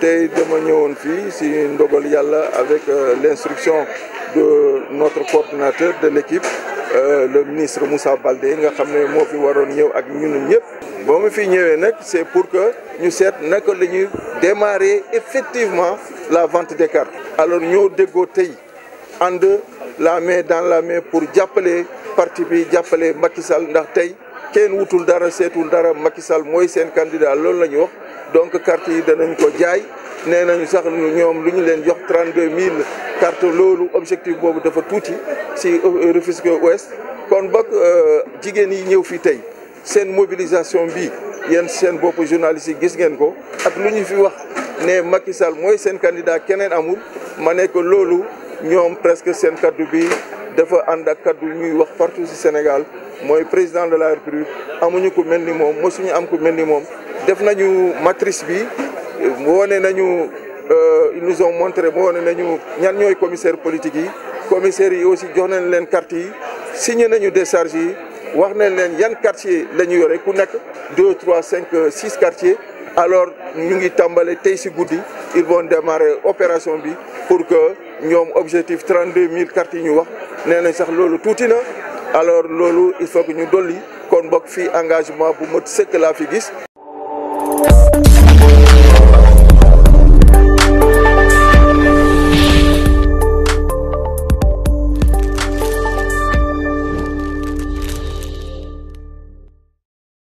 Nous dama fille si avec euh, l'instruction de notre coordinateur de l'équipe euh, le ministre Moussa Baldé c'est pour que nous puissions démarrer effectivement la vente des cartes. alors nous dégoté en deux, la main dans la main pour appeler parti bi jappelé Macky Sall ndax tay kene wutul dara seetul dara Macky Sall mooy seen candidat loolu la ñu wax donc carte yi danañ ko jaay nee nañu sax ñom luñu leen jox 32000 carte loolu objectif bobu dafa touti si euh, Rufisque Ouest kon bak euh, jigen yi ñew fi tay sen mobilisation bi yeen sen bop journaliste gis ngeen ko ak luñu fi wax né Macky Sall mooy seen candidat keneen amul mané ko loolu ñom presque sen carte bi dafa ànd ak kaddu ñuy wax partout ci Sénégal mooy président de la République amuñu ku mel ni moom mosuñu am ku mel ni moom. def nañu matrice bi wone nañu euh, ils nous ont montré wone nañu ñan ñooy commissaire politique yi commissaires yi aussi jox nañ leen carte yi signé nañu décharge yi wax nañ leen yan quartier la ñu ku nekk deux trois cinq six quartiers. alors ñu ngi tàmbale tey si goudi ils vont démarrer opération bi pour que ñoom objectif 32 000 cartes yi ñu wax nous avons sax le alors lolo, il faut que nous dolli kon engagement bu mot sëkk laa fi gis.